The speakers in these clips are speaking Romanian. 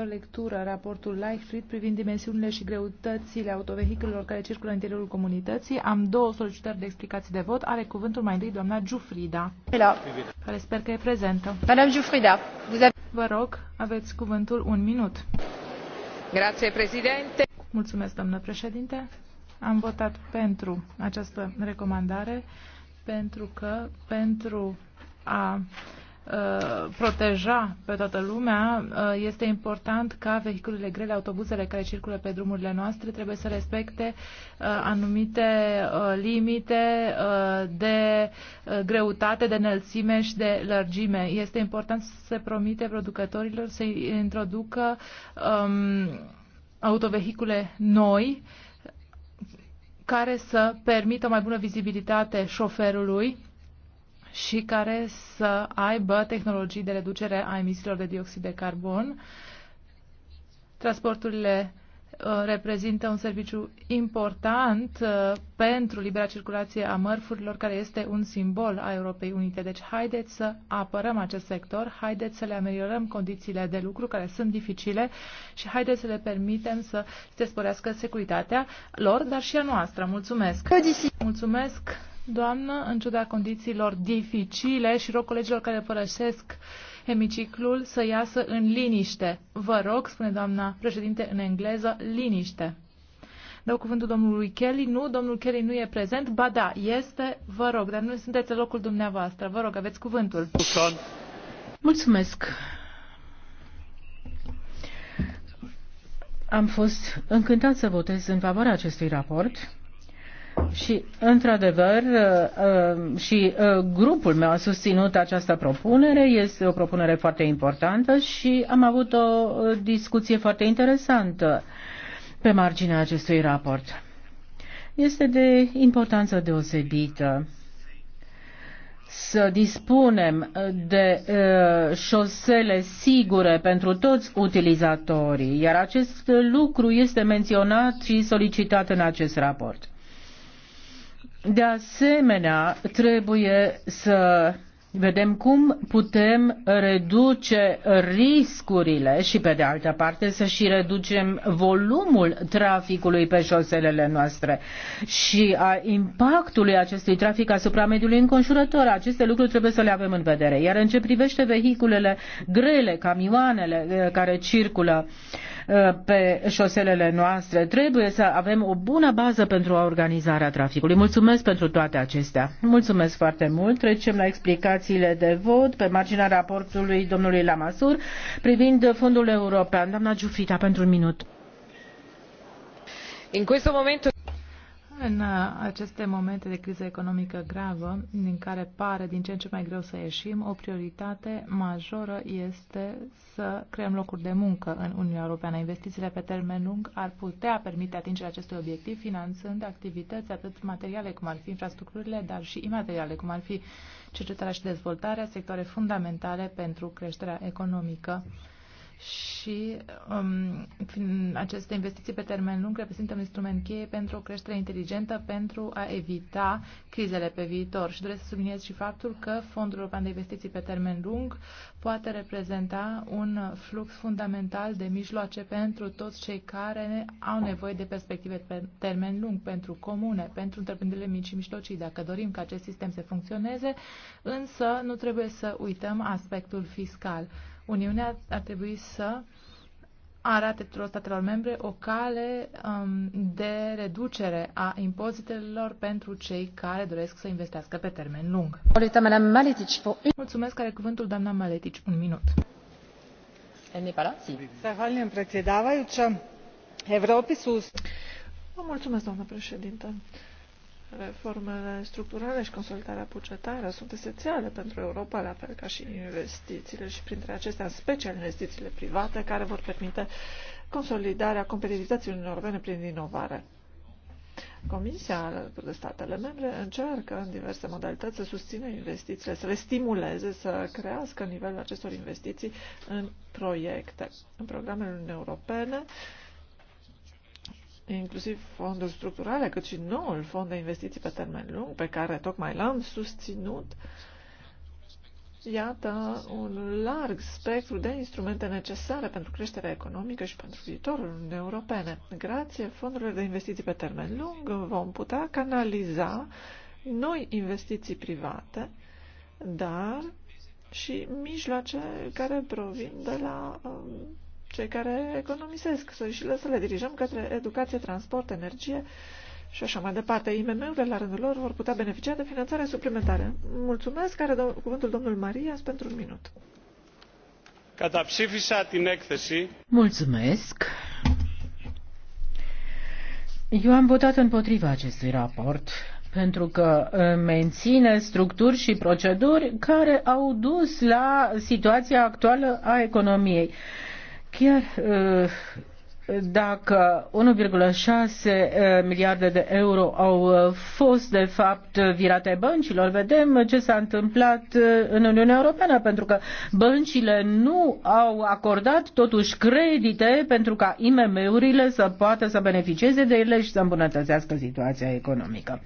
o lectură raportul Lightfried privind dimensiunile și greutățile autovehiculelor care circulă în interiorul comunității. Am două solicitări de explicații de vot. Are cuvântul mai întâi doamna Giufrida, Hello. care sper că e prezentă. Madame Giufrida, vous avez... vă rog, aveți cuvântul un minut. Grazie, președinte. Mulțumesc, doamnă președinte. Am votat pentru această recomandare pentru că pentru a Uh, proteja pe toată lumea, uh, este important ca vehiculele grele, autobuzele care circulă pe drumurile noastre, trebuie să respecte uh, anumite limite de greutate, de înălțime și de lărgime. Este important să se promite producătorilor să introducă um, autovehicule noi care să permită o mai bună vizibilitate șoferului și care să aibă tehnologii de reducere a emisiilor de dioxid de carbon. Transporturile uh, reprezintă un serviciu important uh, pentru libera circulație a mărfurilor, care este un simbol a Europei Unite. Deci haideți să apărăm acest sector, haideți să le ameliorăm condițiile de lucru care sunt dificile și haideți să le permitem să se sporească securitatea lor, dar și a noastră. Mulțumesc! Mulțumesc! doamnă, în ciuda condițiilor dificile și rog colegilor care părăsesc hemiciclul să iasă în liniște. Vă rog, spune doamna președinte în engleză, liniște. Dau cuvântul domnului Kelly. Nu, domnul Kelly nu e prezent. Ba da, este, vă rog, dar nu sunteți în locul dumneavoastră. Vă rog, aveți cuvântul. Mulțumesc. Am fost încântat să votez în favoarea acestui raport și, într-adevăr, uh, uh, și uh, grupul meu a susținut această propunere, este o propunere foarte importantă și am avut o discuție foarte interesantă pe marginea acestui raport. Este de importanță deosebită să dispunem de șosele sigure pentru toți utilizatorii, iar acest lucru este menționat și solicitat în acest raport. De asemenea, trebuie să vedem cum putem reduce riscurile și, pe de altă parte, să și reducem volumul traficului pe șoselele noastre și a impactului acestui trafic asupra mediului înconjurător. Aceste lucruri trebuie să le avem în vedere. Iar în ce privește vehiculele grele, camioanele eh, care circulă eh, pe șoselele noastre, trebuie să avem o bună bază pentru organizarea traficului. Mulțumesc pentru toate acestea. Mulțumesc foarte mult. Trecem la explicații explicațiile de vot pe marginea raportului domnului Lamassoure privind fondul european. Doamna Giufrida, pentru un minut. In questo momento în uh, aceste momente de criză economică gravă, din care pare din ce în ce mai greu să ieșim, o prioritate majoră este să creăm locuri de muncă în Uniunea Europeană. Investițiile pe termen lung ar putea permite atingerea acestui obiectiv, finanțând activități atât materiale cum ar fi infrastructurile, dar și imateriale cum ar fi cercetarea și dezvoltarea, sectoare fundamentale pentru creșterea economică și um, aceste investiții pe termen lung reprezintă un instrument cheie pentru o creștere inteligentă, pentru a evita crizele pe viitor. Și doresc să subliniez și faptul că Fondul European de Investiții pe termen lung poate reprezenta un flux fundamental de mijloace pentru toți cei care au nevoie de perspective pe termen lung, pentru comune, pentru întreprinderile mici și mijlocii, dacă dorim ca acest sistem să funcționeze, însă nu trebuie să uităm aspectul fiscal. Uniunea ar trebui să arate tuturor statelor membre o cale um, de reducere a impozitelor pentru cei care doresc să investească pe termen lung. Mulțumesc, care cuvântul doamna Maletici. Un minut. Vă mulțumesc, doamnă președintă Reformele structurale și consolidarea bugetară sunt esențiale pentru Europa, la fel ca și investițiile și printre acestea, în special investițiile private, care vor permite consolidarea competitivității Uniunii Europene prin inovare. Comisia alături de statele membre încearcă în diverse modalități să susțină investițiile, să le stimuleze, să crească nivelul acestor investiții în proiecte, în programele Uniunii Europene, inclusiv fonduri structurale, cât și noul fond de investiții pe termen lung, pe care tocmai l-am susținut, iată un larg spectru de instrumente necesare pentru creșterea economică și pentru viitorul Uniunii Europene. Grație fondurilor de investiții pe termen lung vom putea canaliza noi investiții private, dar și mijloace care provin de la um, cei care economisesc, soluțiile să le dirijăm către educație, transport, energie și așa mai departe. IMM-urile, la rândul lor, vor putea beneficia de finanțare suplimentare. Mulțumesc, care do- cuvântul domnul Marias pentru un minut. Καταψήφισα την έκθεση. Mulțumesc. Eu am votat împotriva acestui raport pentru că uh, menține structuri și proceduri care au dus la situația actuală a economiei. Chiar uh, dacă 1,6 eh, miliarde de euro au eh, fost de fapt virate băncilor, vedem ce s-a întâmplat eh, în Uniunea Europeană, pentru că băncile nu au acordat totuși credite pentru ca IMM-urile să poată să beneficieze de ele și să îmbunătățească situația economică.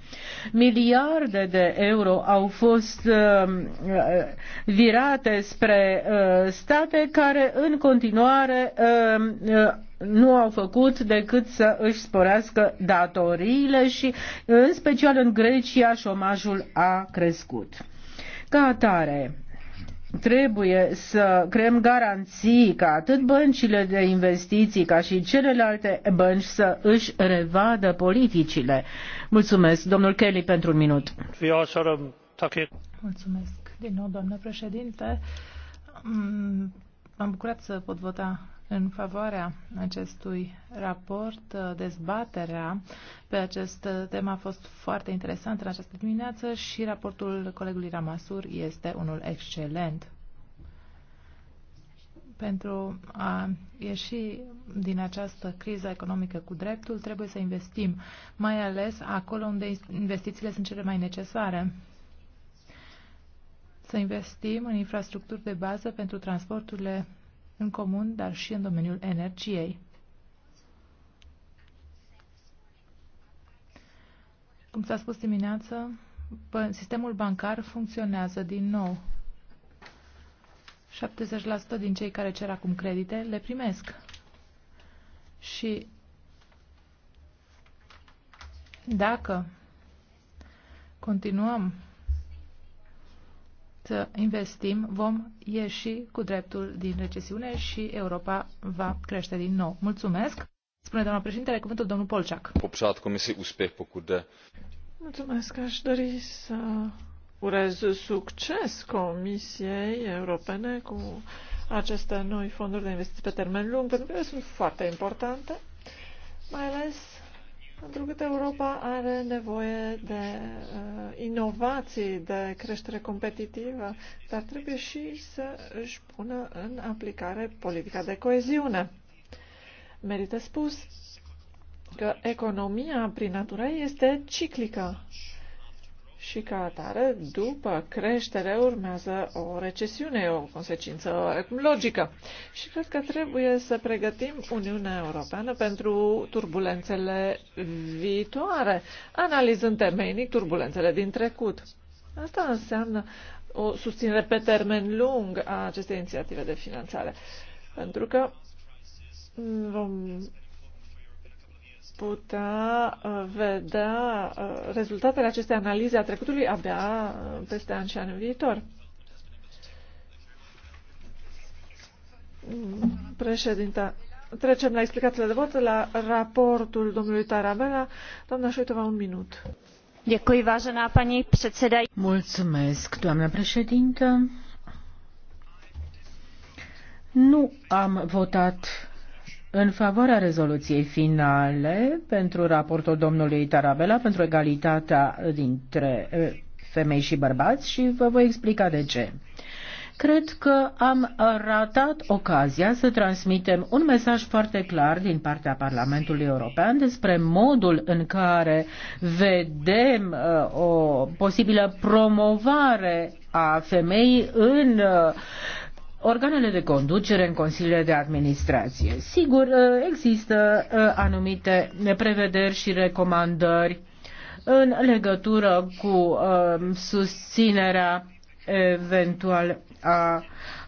Miliarde de euro au fost virate spre state care în continuare nu au făcut decât să își sporească datoriile și, în special în Grecia, șomajul a crescut. Ca atare, trebuie să creăm garanții ca atât băncile de investiții ca și celelalte bănci să își revadă politicile. Mulțumesc, domnul Kelly, pentru un minut. Mulțumesc din nou, doamnă președinte. Mm, m-am bucurat să pot vota în favoarea acestui raport. Uh, dezbaterea pe acest uh, temă a fost foarte interesantă în această dimineață și raportul colegului Ramasur este unul excelent. Pentru a ieși din această criză economică cu dreptul, trebuie să investim, mai ales acolo unde investițiile sunt cele mai necesare să investim în infrastructuri de bază pentru transporturile în comun, dar și în domeniul energiei. Cum s-a spus dimineață, sistemul bancar funcționează din nou. 70% din cei care cer acum credite le primesc. Și dacă continuăm să investim, vom ieși cu dreptul din recesiune și Europa va crește din nou. Mulțumesc! Spune doamna președintele cuvântul domnul Polceac. Popșat comisii uspeh pocude. Mulțumesc, aș dori să urez succes Comisiei Europene cu aceste noi fonduri de investiții pe termen lung, pentru că sunt foarte importante, mai ales pentru că Europa are nevoie de uh, inovații, de creștere competitivă, dar trebuie și să își pună în aplicare politica de coeziune. Merită spus că economia, prin natură, este ciclică și ca atare, după creștere, urmează o recesiune, o consecință logică. Și cred că trebuie să pregătim Uniunea Europeană pentru turbulențele viitoare, analizând temeinic turbulențele din trecut. Asta înseamnă o susținere pe termen lung a acestei inițiative de finanțare. Pentru că vom putea uh, vedea uh, rezultatele acestei analize a trecutului abia uh, peste an și anul viitor. Președinta, trecem la explicațiile de vot, la raportul domnului Tarabella. Doamna Șuitova, un minut. Mulțumesc, doamna președintă. Nu am votat în favoarea rezoluției finale pentru raportul domnului Tarabela pentru egalitatea dintre femei și bărbați și vă voi explica de ce. Cred că am ratat ocazia să transmitem un mesaj foarte clar din partea Parlamentului European despre modul în care vedem o posibilă promovare a femeii în uh, organele de conducere în consiliile de administrație. Sigur, uh, există uh, anumite neprevederi și recomandări în legătură cu uh, susținerea eventual a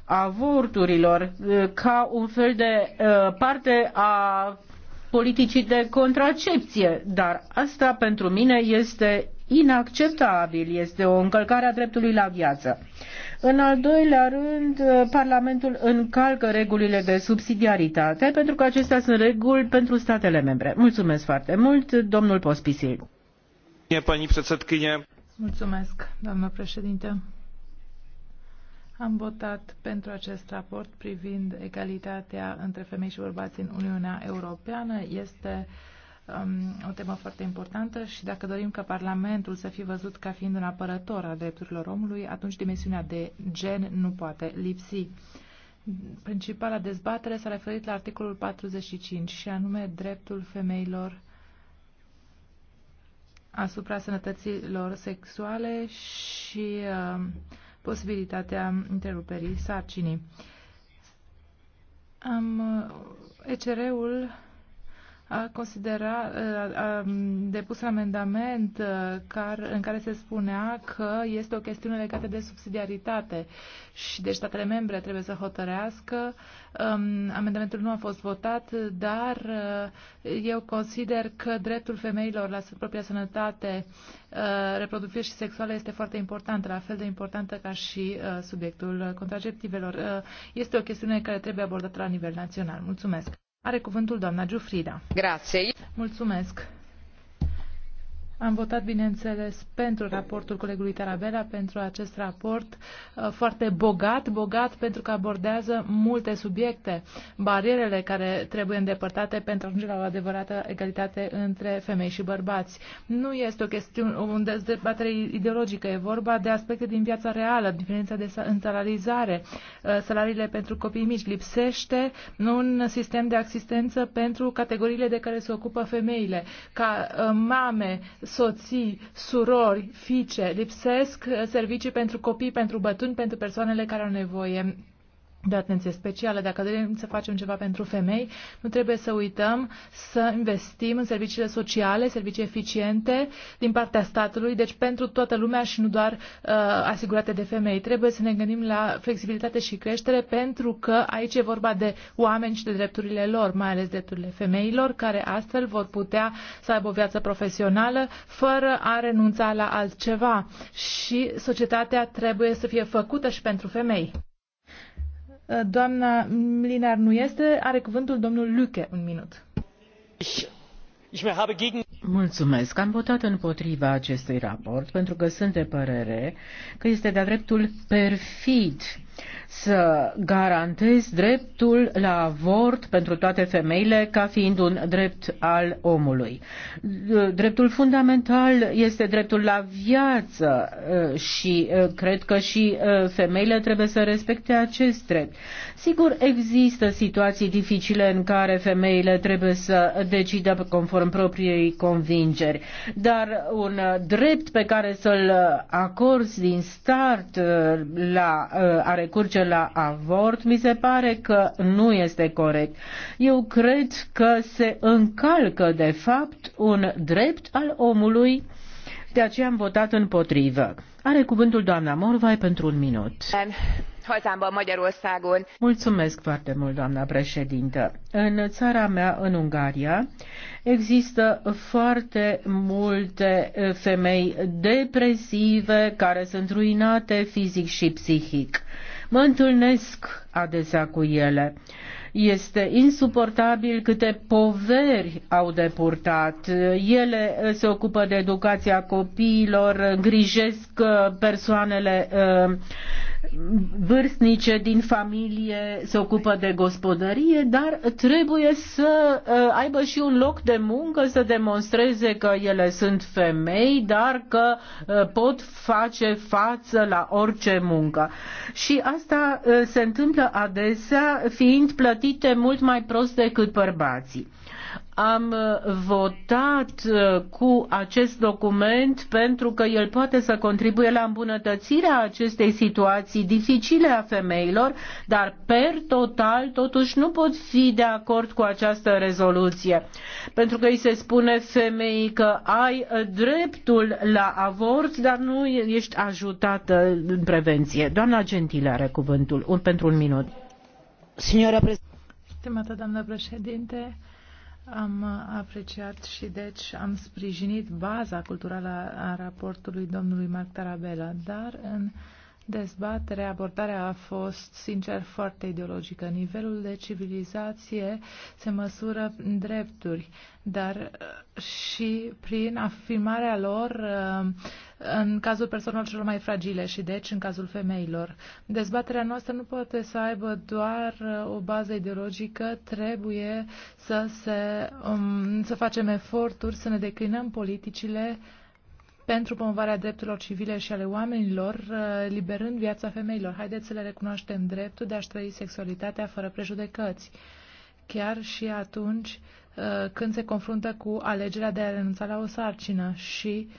avorturilor ca un fel de parte a politicii de contracepție, dar asta pentru mine este inacceptabil, este o încălcare a dreptului la viață. În al doilea rând, Parlamentul încalcă regulile de subsidiaritate, pentru că acestea sunt reguli pentru statele membre. Mulțumesc foarte mult, domnul Pospisil. Mulțumesc, doamnă președinte. Am votat pentru acest raport privind egalitatea între femei și bărbați în Uniunea Europeană. Este uh, um, o temă foarte importantă și dacă dorim ca Parlamentul să fie văzut ca fiind un apărător a drepturilor omului, atunci dimensiunea de gen nu poate lipsi. Principala dezbatere s-a referit la articolul 45 și anume dreptul femeilor asupra sănătăților sexuale și uh, posibilitatea interuperii sarcinii. Am, uh, ECR-ul a, considera, a, depus un amendament care în care se spunea că este o chestiune legată de subsidiaritate și deci statele membre trebuie să hotărească. Um, amendamentul nu a fost votat, dar eu consider că dreptul femeilor la propria sănătate reproductivă și sexuală este foarte important, la fel de importantă ca și subiectul contraceptivelor. este o chestiune care trebuie abordată la nivel național. Mulțumesc! Are cuvântul doamna Giufrida. Grație. Mulțumesc. Am votat, bineînțeles, pentru raportul colegului Tarabella, pentru acest raport uh, foarte bogat, bogat pentru că abordează multe subiecte, barierele care trebuie îndepărtate pentru a ajunge la o adevărată egalitate între femei și bărbați. Nu este o chestiune, o dezbatere ideologică, e vorba de aspecte din viața reală, diferența de salarizare, uh, salariile pentru copii mici. Lipsește un sistem de asistență pentru categoriile de care se ocupă femeile, ca uh, mame, soții, surori, fiice, lipsesc uh, servicii pentru copii, pentru bătuni, pentru persoanele care au nevoie de atenție specială. Dacă dorim să facem ceva pentru femei, nu trebuie să uităm să investim în serviciile sociale, servicii eficiente din partea statului, deci pentru toată lumea și nu doar uh, asigurate de femei. Trebuie să ne gândim la flexibilitate și creștere pentru că aici e vorba de oameni și de drepturile lor, mai ales drepturile femeilor, care astfel vor putea să aibă o viață profesională fără a renunța la altceva. Și societatea trebuie să fie făcută și pentru femei. Uh, doamna Mlinar nu este, are cuvântul domnul Luche, un minut. Mulțumesc. Am votat împotriva acestui raport pentru că sunt de părere că este de-a dreptul perfid să garantez dreptul la avort pentru toate femeile ca fiind un drept al omului. Dreptul fundamental este dreptul la viață uh, și uh, cred că și uh, femeile trebuie să respecte acest drept. Sigur, există situații dificile în care femeile trebuie să decidă conform propriei convingeri, dar un drept pe care să-l acorzi din start la a recurge duce la avort, mi se pare că nu este corect. Eu cred că se încalcă, de fapt, un drept al omului de aceea am votat împotrivă. Are cuvântul doamna Morvai pentru un minut. Hazámban, Magyarországon. Mulțumesc foarte mult, doamna președintă. În țara mea, în Ungaria, există foarte multe femei depresive care sunt ruinate fizic și psihic. Mă întâlnesc adesea cu ele. Este insuportabil câte poveri au depurtat. Ele eh, se ocupă de educația copiilor, îngrijesc eh, persoanele eh, vârstnice din familie se ocupă de gospodărie, dar trebuie să uh, aibă și un loc de muncă, să demonstreze că ele sunt femei, dar că uh, pot face față la orice muncă. Și asta uh, se întâmplă adesea fiind plătite mult mai prost decât bărbații. Am votat uh, cu acest document pentru că el poate să contribuie la îmbunătățirea acestei situații dificile a femeilor, dar per total totuși nu pot fi de acord cu această rezoluție. Pentru că îi se spune femeii că ai uh, dreptul la avort, dar nu ești ajutată în prevenție. Doamna Gentile are cuvântul un, pentru un minut. Signora Stimată doamnă președinte, am apreciat și deci am sprijinit baza culturală a raportului domnului Mark Tarabella, dar în Dezbaterea, abordarea a fost, sincer, foarte ideologică. Nivelul de civilizație se măsură în drepturi, dar uh, și prin afirmarea lor uh, în cazul persoanelor celor mai fragile și, deci, în cazul femeilor. Dezbaterea noastră nu poate să aibă doar uh, o bază ideologică, trebuie să, se, um, să facem eforturi, să ne declinăm politicile pentru promovarea drepturilor civile și ale oamenilor, uh, liberând viața femeilor. Haideți să le recunoaștem dreptul de a-și trăi sexualitatea fără prejudecăți, chiar și atunci uh, când se confruntă cu alegerea de a renunța la o sarcină și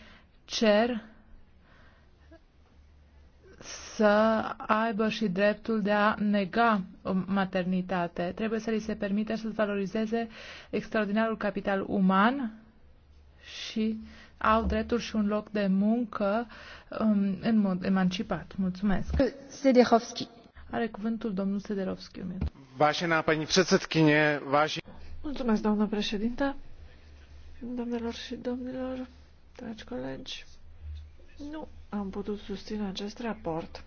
cer să aibă și dreptul de a nega o maternitate. Trebuie să li se permite să valorizeze extraordinarul capital uman și au dreptul și un loc de muncă um, în mod emancipat. Mulțumesc. Sederovski. Are cuvântul domnul Sederovski. Mulțumesc, doamnă președinte, domnilor și domnilor, dragi colegi. Nu am putut susține acest raport,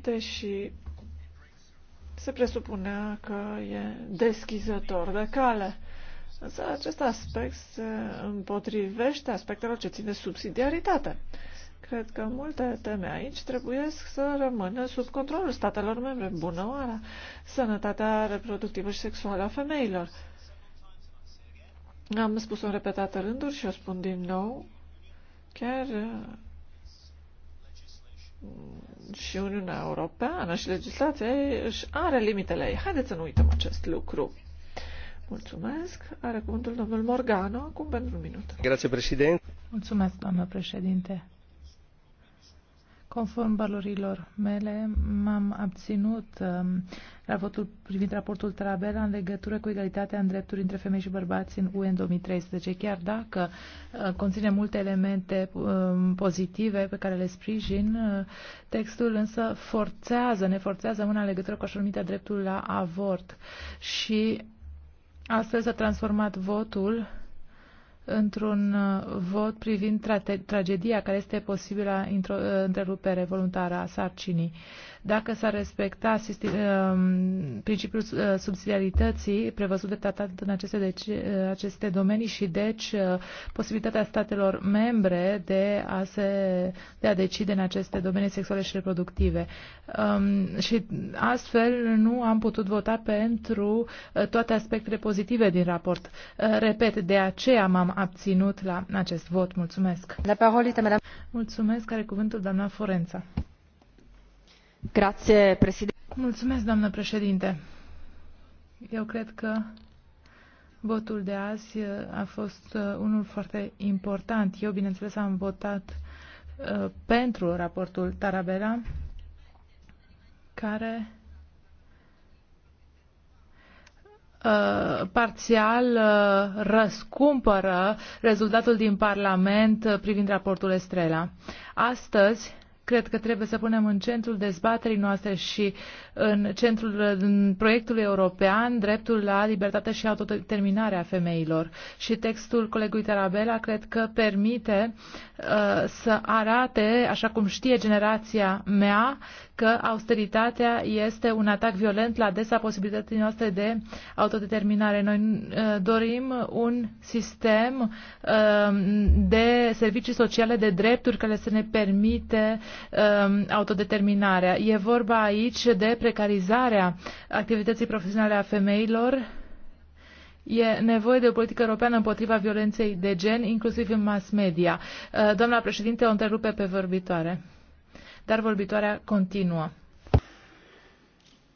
deși se presupunea că e deschizător de cale. Însă acest aspect se împotrivește aspectelor ce țin de subsidiaritate. Cred că multe teme aici trebuie să rămână sub controlul statelor membre. Bună oară! Sănătatea reproductivă și sexuală a femeilor. Am spus-o în repetate rânduri și o spun din nou. Chiar uh, și Uniunea Europeană și legislația ei își are limitele ei. Haideți să nu uităm acest lucru. Mulțumesc. Are cuvântul domnul Morgano, acum pentru un minut. Grazie, președinte. Mulțumesc, doamnă președinte. Conform valorilor mele, m-am abținut um, la votul privind raportul Trabela în legătură cu egalitatea în drepturi între femei și bărbați în UE în 2013, chiar dacă uh, conține multe elemente um, pozitive pe care le sprijin, uh, textul însă forțează, ne forțează una în legătură cu așa numită dreptul la avort și Astăzi a transformat votul într-un uh, vot privind tra tragedia care este posibilă uh, întrerupere voluntară a sarcinii. Dacă s-ar respecta um, principiul uh, subsidiarității prevăzut de tratat în aceste, deci, uh, aceste domenii și deci uh, posibilitatea statelor membre de a, se, de a decide în aceste domenii sexuale și reproductive. Um, și astfel nu am putut vota pentru toate aspectele pozitive din raport. Repet, de aceea m-am abținut la acest vot. Mulțumesc. La parole, Mulțumesc. Are cuvântul doamna Forența. Mulțumesc, președinte. Eu cred că votul de azi uh, a fost uh, unul foarte important. Eu, bineînțeles, am votat uh, pentru raportul Tarabella, care parțial răscumpără rezultatul din Parlament privind raportul Estrela. Astăzi, cred că trebuie să punem în centrul dezbaterii noastre și în centrul în proiectului european dreptul la libertate și autodeterminare a femeilor. Și textul colegului Tarabella cred că permite uh, să arate, așa cum știe generația mea, că austeritatea este un atac violent la adresa posibilității noastre de autodeterminare. Noi uh, dorim un sistem uh, de servicii sociale, de drepturi care să ne permite uh, autodeterminarea. E vorba aici de precarizarea activității profesionale a femeilor. E nevoie de o politică europeană împotriva violenței de gen, inclusiv în mass media. Uh, doamna președinte o întrerupe pe vorbitoare, dar vorbitoarea continuă.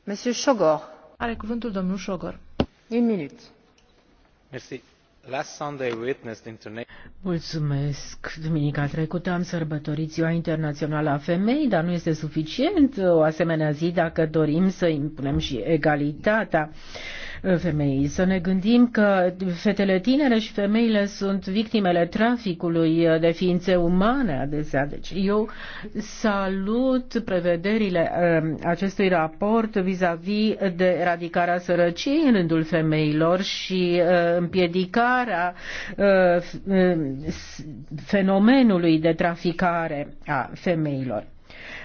Monsieur Șogor. Are cuvântul domnul Șogor. Un minut. Merci Mulțumesc. Duminica trecută am sărbătorit Ziua Internațională a Femei, dar nu este suficient o asemenea zi dacă dorim să impunem și egalitatea femeii. Să ne gândim că fetele tinere și femeile sunt victimele traficului de ființe umane adesea. Deci eu salut prevederile um, acestui raport vis-a-vis -vis de eradicarea sărăciei în rândul femeilor și uh, împiedicarea uh, um, fenomenului de traficare a femeilor.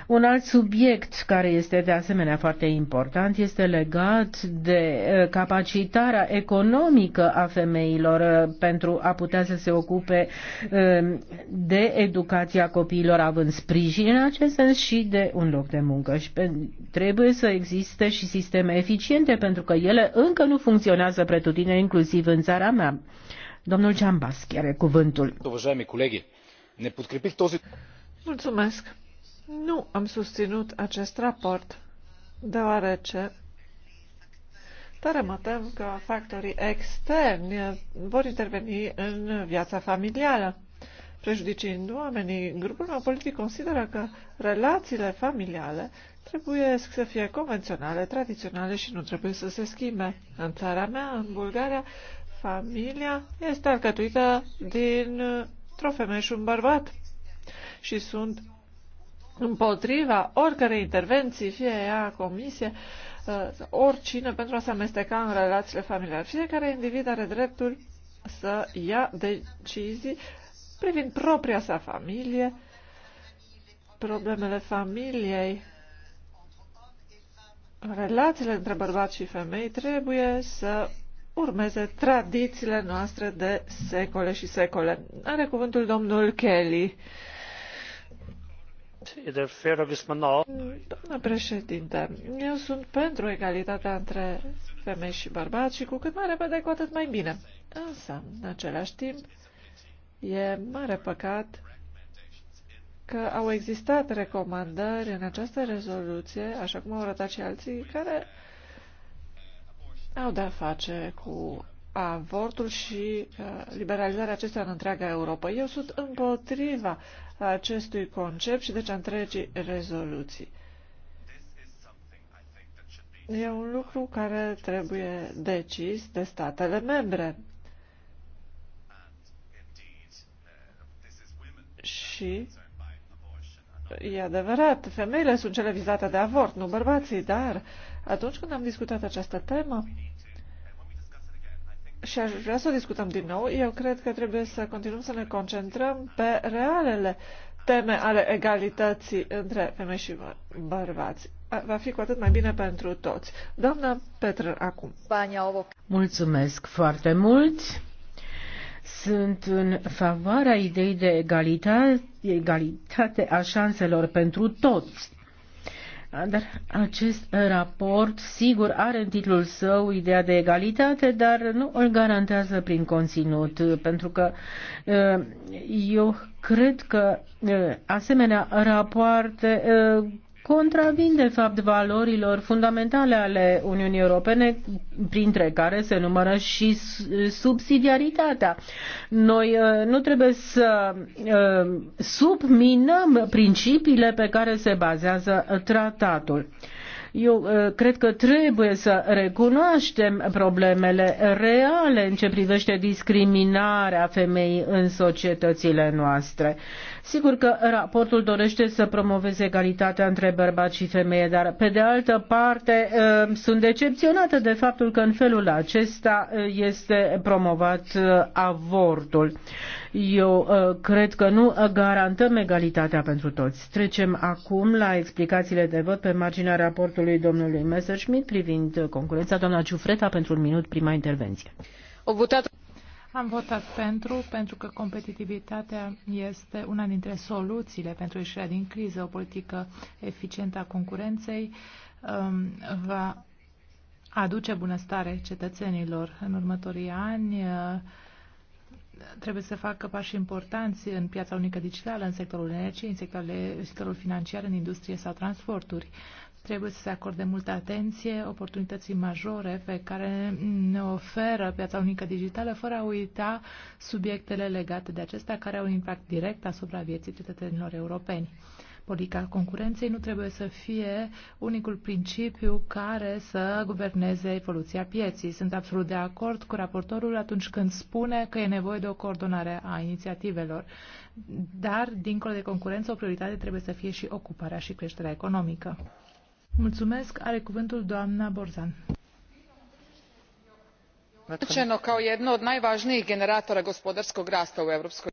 Un alt subiect care este de asemenea foarte important este legat de eh, capacitarea economică a femeilor eh, pentru a putea să se ocupe eh, de educația copiilor având sprijin în acest sens și de un loc de muncă. Și trebuie să existe și sisteme eficiente pentru că ele încă nu funcționează pretutine inclusiv în țara mea. Domnul Ciambaschi are cuvântul. Mulțumesc. Nu am susținut acest raport, deoarece tare mă tem că factorii externi vor interveni în viața familială, prejudiciind oamenii. Grupul meu politic consideră că relațiile familiale trebuie să fie convenționale, tradiționale și nu trebuie să se schimbe. În țara mea, în Bulgaria, familia este alcătuită dintr-o femeie și un bărbat și sunt împotriva oricărei intervenții, fie ea comisie, uh, oricine, pentru a se amesteca în relațiile familiale. Fiecare individ are dreptul să ia decizii privind propria sa familie, problemele familiei, relațiile între bărbați și femei trebuie să urmeze tradițiile noastre de secole și secole. Are cuvântul domnul Kelly. Doamnă președinte, eu sunt pentru egalitatea între femei și bărbați și cu cât mai repede, cu atât mai bine. Însă, în același timp, e mare păcat că au existat recomandări în această rezoluție, așa cum au arătat și alții, care au de-a face cu avortul și uh, liberalizarea acestuia în întreaga Europa. Eu sunt împotriva a acestui concept și deci a întregii rezoluții. E un lucru care trebuie decis de statele membre. Și e adevărat, femeile sunt cele vizate de avort, nu bărbații, dar atunci când am discutat această temă, și aș vrea să o discutăm din nou, eu cred că trebuie să continuăm să ne concentrăm pe realele teme ale egalității între femei și bărbați. Va fi cu atât mai bine pentru toți. Doamna Petră, acum. Mulțumesc foarte mult! Sunt în favoarea ideii de egalitate, egalitate a șanselor pentru toți dar acest raport, sigur, are în titlul său ideea de egalitate, dar nu îl garantează prin conținut, pentru că uh, eu cred că uh, asemenea rapoarte uh, contravin de fapt valorilor fundamentale ale Uniunii Europene, printre care se numără și subsidiaritatea. Noi uh, nu trebuie să uh, subminăm principiile pe care se bazează tratatul. Eu uh, cred că trebuie să recunoaștem problemele reale în ce privește discriminarea femeii în societățile noastre. Sigur că raportul dorește să promoveze egalitatea între bărbați și femeie, dar pe de altă parte uh, sunt decepționată de faptul că în felul acesta uh, este promovat avortul. Eu cred că nu garantăm egalitatea pentru toți. Trecem acum la explicațiile de vot pe marginea raportului raportului domnului Messerschmidt privind concurența. Doamna Ciufreta, pentru un minut, prima intervenție. O votat. Am votat pentru, pentru că competitivitatea este una dintre soluțiile pentru ieșirea din criză. O politică eficientă a concurenței um, va aduce bunăstare cetățenilor în următorii ani. Uh, trebuie să facă pași importanți în piața unică digitală, în sectorul energiei, în sectorul, sectorul financiar, în industrie sau transporturi. Trebuie să se acorde multă atenție oportunității majore pe care ne oferă piața unică digitală, fără a uita subiectele legate de acestea care au un impact direct asupra vieții cetățenilor europeni. Politica concurenței nu trebuie să fie unicul principiu care să guverneze evoluția pieții. Sunt absolut de acord cu raportorul atunci când spune că e nevoie de o coordonare a inițiativelor. Dar, dincolo de concurență, o prioritate trebuie să fie și ocuparea și creșterea economică. Mulțumesc. Are cuvântul doamna Borzan. ca jedno od najvažnijih generatora gospodarskog rasta u Europskoj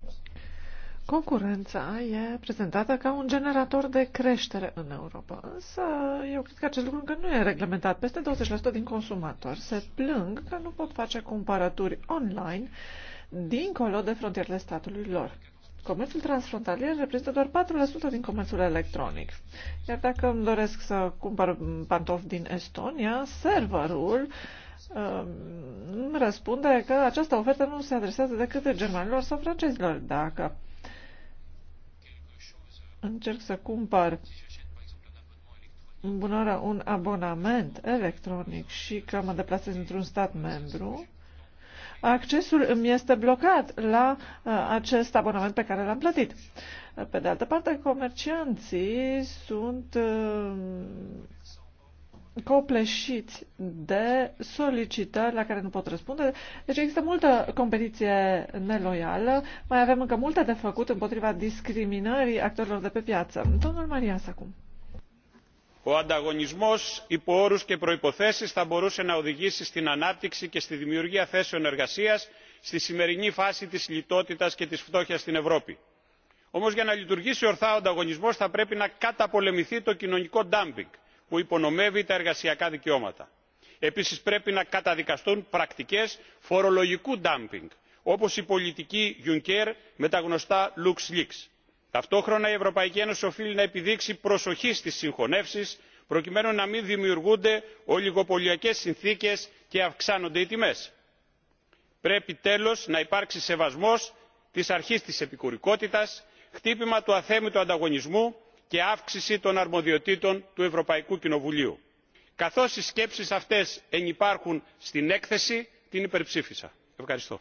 Concurența e prezentată ca un generator de creștere în Europa, însă eu cred că acest lucru încă nu e reglementat. Peste 20% din consumatori se plâng că nu pot face cumpărături online dincolo de frontierele statului lor. Comerțul transfrontalier reprezintă doar 4% din comerțul electronic. Iar dacă îmi doresc să cumpăr pantofi din Estonia, serverul uh, îmi răspunde că această ofertă nu se adresează decât de germanilor sau francezilor. Dacă încerc să cumpăr bună un abonament electronic și că mă deplasez într-un stat membru, accesul îmi este blocat la uh, acest abonament pe care l-am plătit. Uh, pe de altă parte, comercianții sunt uh, copleșiți de solicitări la care nu pot răspunde. Deci există multă competiție neloială. Mai avem încă multe de făcut împotriva discriminării actorilor de pe piață. Domnul Marias acum ο ανταγωνισμός υπό όρους και προϋποθέσεις θα μπορούσε να οδηγήσει στην ανάπτυξη και στη δημιουργία θέσεων εργασίας στη σημερινή φάση της λιτότητας και της φτώχειας στην ευρώπη. όμως για να λειτουργήσει ορθά ο ανταγωνισμός θα πρέπει να καταπολεμηθεί το κοινωνικό ντάμπινγκ που υπονομεύει τα εργασιακά δικαιώματα. επίσης πρέπει να καταδικαστούν πρακτικές φορολογικού ντάμπινγκ όπως η πολιτική juncker με τα γνωστά luxleaks ταυτόχρονα η ευρωπαϊκή ένωση οφείλει να επιδείξει προσοχή στις συγχωνεύσεις προκειμένου να μην δημιουργούνται ολιγοπωλιακές συνθήκες και αυξάνονται οι τιμές. πρέπει τέλος να υπάρξει σεβασμός της αρχής της επικουρικότητας χτύπημα του αθέμητου ανταγωνισμού και αύξηση των αρμοδιοτήτων του ευρωπαϊκού κοινοβουλίου. καθώς οι σκέψεις αυτές ενυπάρχουν στην έκθεση την υπερψήφισα. ευχαριστώ.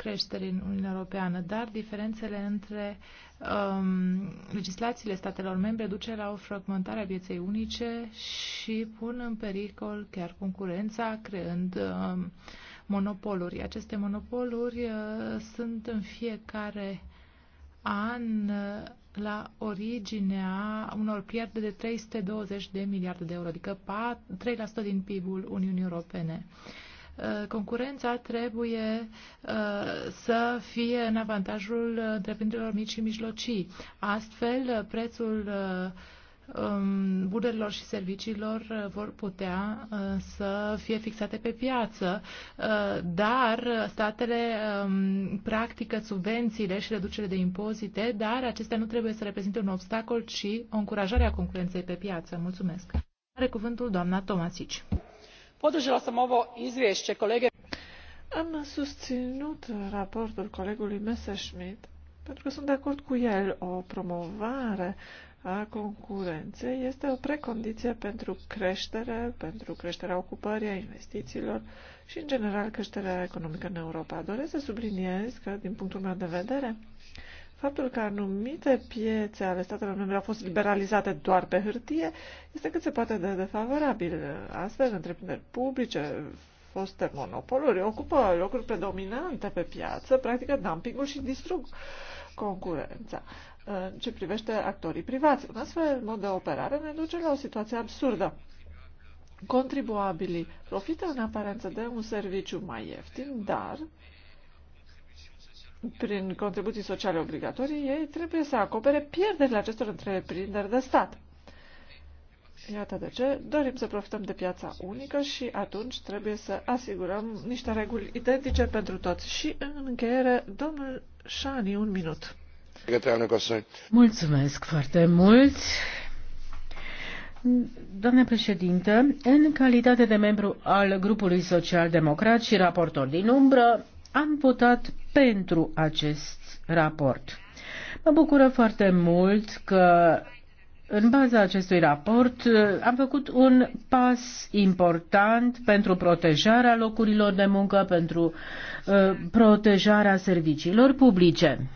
creșterii în Uniunea Europeană, dar diferențele între um, legislațiile statelor membre duce la o fragmentare a pieței unice și pun în pericol chiar concurența, creând um, monopoluri. Aceste monopoluri uh, sunt în fiecare an uh, la originea unor pierderi de 320 de miliarde de euro, adică 4, 3% din PIB-ul Uniunii Europene. Uh, Uh, concurența trebuie uh, să fie în avantajul întreprinderilor mici și mijlocii. Astfel, uh, prețul um, bunurilor și serviciilor vor putea să fie fixate pe piață, dar statele um, practică subvențiile și reducere de impozite, dar acestea nu trebuie să reprezinte un obstacol, ci o încurajare a concurenței pe piață. Mulțumesc. Are cuvântul doamna Tomasici podrala sam ovo izvjee kolege am susținut raportul colegului Messerschmidt pentru că sunt de acord cu el. O promovare a concurenței este o precondiție pentru creștere, pentru creșterea ocupării, a investițiilor și, în general, creșterea economică în Europa. Doresc să subliniez că, din punctul meu de vedere, Faptul că anumite piețe ale statelor membre au fost liberalizate doar pe hârtie este cât se poate de defavorabil. Astfel, întreprinderi publice, foste monopoluri, ocupă locuri predominante pe piață, practică dumpingul și distrug concurența. În ce privește actorii privați, un astfel mod de operare ne duce la o situație absurdă. Contribuabilii profită în aparență de un serviciu mai ieftin, dar prin contribuții sociale obligatorii, ei trebuie să acopere pierderile acestor întreprinderi de stat. Iată de ce dorim să profităm de piața unică și atunci trebuie să asigurăm niște reguli identice pentru toți. Și în încheiere, domnul Șani, un minut. Mulțumesc foarte mult. Doamne președinte, în calitate de membru al grupului social-democrat și raportor din umbră, am votat pentru acest raport. Mă bucură foarte mult că în baza acestui raport am făcut un pas important pentru protejarea locurilor de muncă, pentru uh, protejarea serviciilor publice.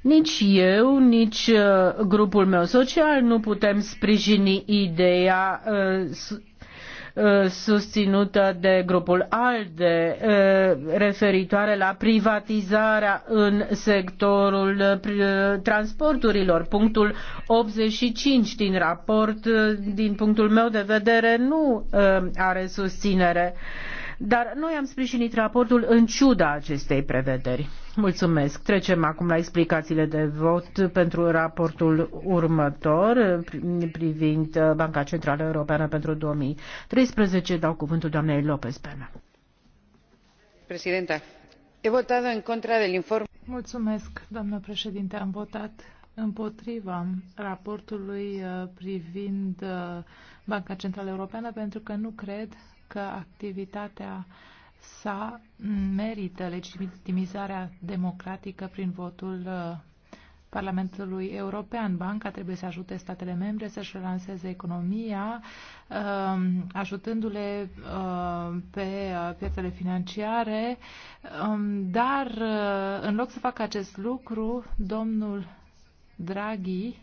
Nici eu, nici uh, grupul meu social nu putem sprijini ideea uh, Uh, susținută de grupul ALDE uh, referitoare la privatizarea în sectorul uh, transporturilor. Punctul 85 din raport, din punctul meu de vedere, nu are susținere. Dar noi am sprijinit raportul în ciuda acestei prevederi. Mulțumesc. Trecem acum la explicațiile de vot pentru raportul următor privind Banca Centrală Europeană pentru 2013. Dau cuvântul doamnei Lopez Pena. Președinte, he votat în contra del inform... Mulțumesc, doamnă președinte. Am votat împotriva raportului uh, privind uh, Banca Centrală Europeană pentru că nu cred că activitatea sa merită legitimizarea democratică prin votul uh, Parlamentului European. Banca trebuie să ajute statele membre să-și relanseze economia, um, ajutându-le uh, pe uh, piețele financiare, um, dar în loc să facă acest lucru, domnul Draghi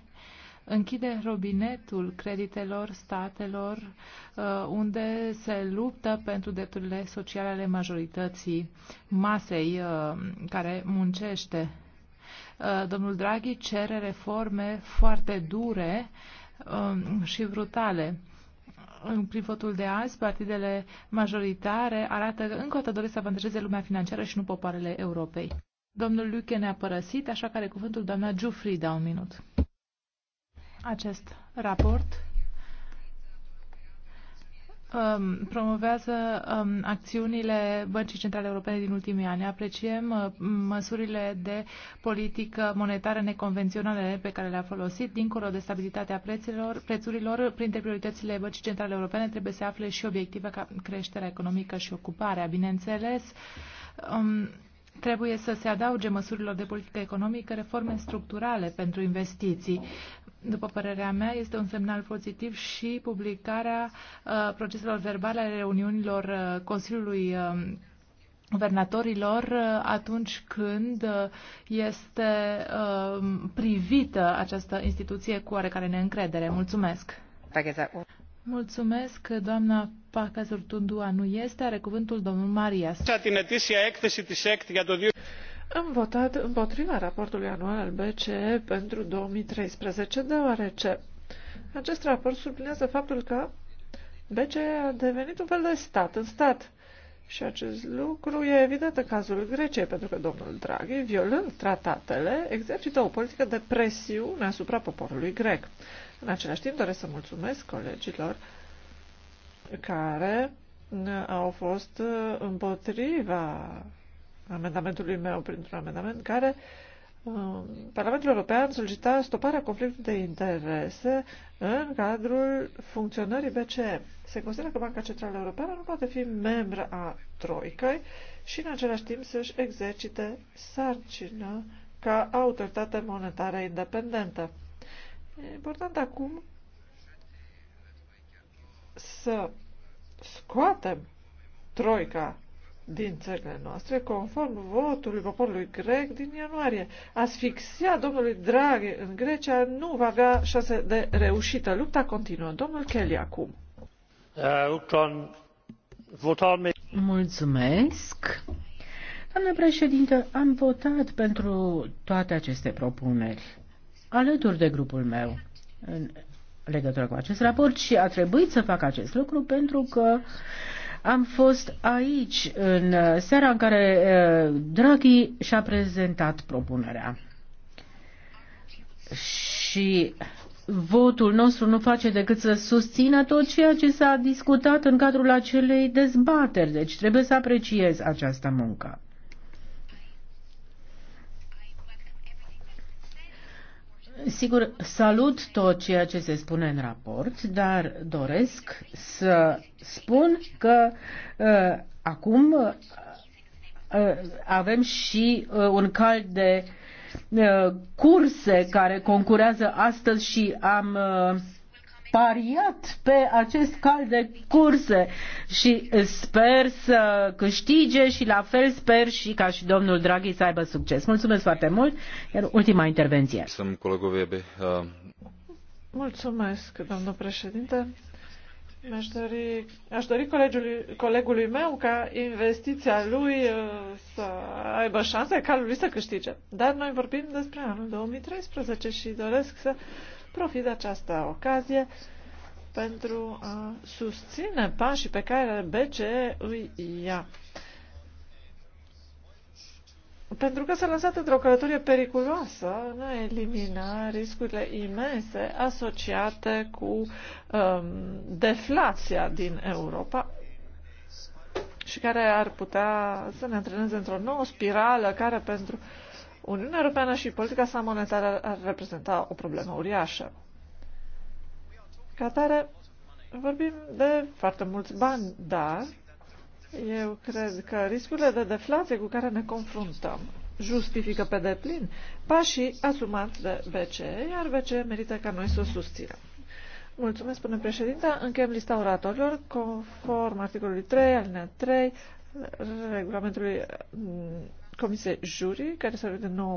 închide robinetul creditelor statelor uh, unde se luptă pentru drepturile sociale ale majorității masei uh, care muncește. Uh, domnul Draghi cere reforme foarte dure um, și brutale prin votul de azi, partidele majoritare arată că încă o dată doresc să avantajeze lumea financiară și nu popoarele Europei. Domnul Luche ne-a părăsit, așa că are cuvântul doamna Giuffrida, un minut. Acest raport um, promovează um, acțiunile Băncii Centrale Europene din ultimii ani. Apreciem uh, măsurile de politică monetară neconvenționale pe care le-a folosit. Dincolo de stabilitatea prețurilor, prețurilor, printre prioritățile Băncii Centrale Europene trebuie să afle și obiective ca creșterea economică și ocuparea. Bineînțeles, um, trebuie să se adauge măsurilor de politică economică reforme structurale pentru investiții după părerea mea, este un semnal pozitiv și publicarea uh, proceselor verbale ale reuniunilor uh, Consiliului um, uh, guvernatorilor atunci când uh, este um, privită această instituție cu oarecare neîncredere. Mulțumesc! Mulțumesc, doamna Pacazurtundua nu este, are cuvântul domnul Marias. Am votat împotriva raportului anual al BCE pentru 2013, deoarece acest raport sublinează faptul că BCE a devenit un fel de stat în stat. Și acest lucru e evident în cazul Greciei, pentru că domnul Draghi, violând tratatele, exercită o politică de presiune asupra poporului grec. În același timp doresc să mulțumesc colegilor care au fost împotriva amendamentului meu printr-un amendament care um, Parlamentul European solicita stoparea conflictului de interese în cadrul funcționării BCE. Se consideră că Banca Centrală Europeană nu poate fi membră a Troicăi și în același timp să-și exercite sarcină ca autoritate monetară independentă. E important acum să scoatem Troica din țările noastre, conform votului poporului grec din ianuarie. Asfixia domnului Draghi în Grecia nu va avea șanse de reușită. Lupta continuă. Domnul Kelly acum. Uh, Mulțumesc. Doamne președinte, am votat pentru toate aceste propuneri alături de grupul meu în legătură cu acest raport și a trebuit să fac acest lucru pentru că uh, am fost aici în uh, seara în care uh, Draghi și-a prezentat propunerea. Și votul nostru nu face decât să susțină tot ceea ce s-a discutat în cadrul acelei dezbateri, deci trebuie să apreciez această muncă. Sigur, salut tot ceea ce se spune în raport, dar doresc să spun că uh, acum uh, uh avem și uh, un cal de uh, curse care concurează astăzi și am uh, pariat pe acest cal de curse și sper să câștige și la fel sper și ca și domnul Draghi să aibă succes. Mulțumesc foarte mult. Iar ultima intervenție. Uh, Mulțumesc, domnul președinte. aș dori, aș dori colegului, colegului meu ca investiția lui uh, să aibă șanse, ca lui să câștige. Dar noi vorbim despre anul 2013 și doresc să Profit de această ocazie pentru a susține pașii pe care BCE îi ia. Pentru că s-a lăsat într-o călătorie periculoasă în a elimina riscurile imense asociate cu um, deflația din Europa și care ar putea să ne antreneze într-o nouă spirală care pentru uh, Uniunea Europeană și politica sa monetară ar reprezenta o problemă uriașă. Ca atare, vorbim de foarte mulți bani, dar eu cred că riscurile de deflație cu care ne confruntăm justifică pe deplin pașii asumați de BCE, iar BCE merită ca noi să o susținem. Mulțumesc, spune președinte. Încheiem lista oratorilor conform articolului 3, alinea 3, regulamentului Comisie Jurii, care se vede 9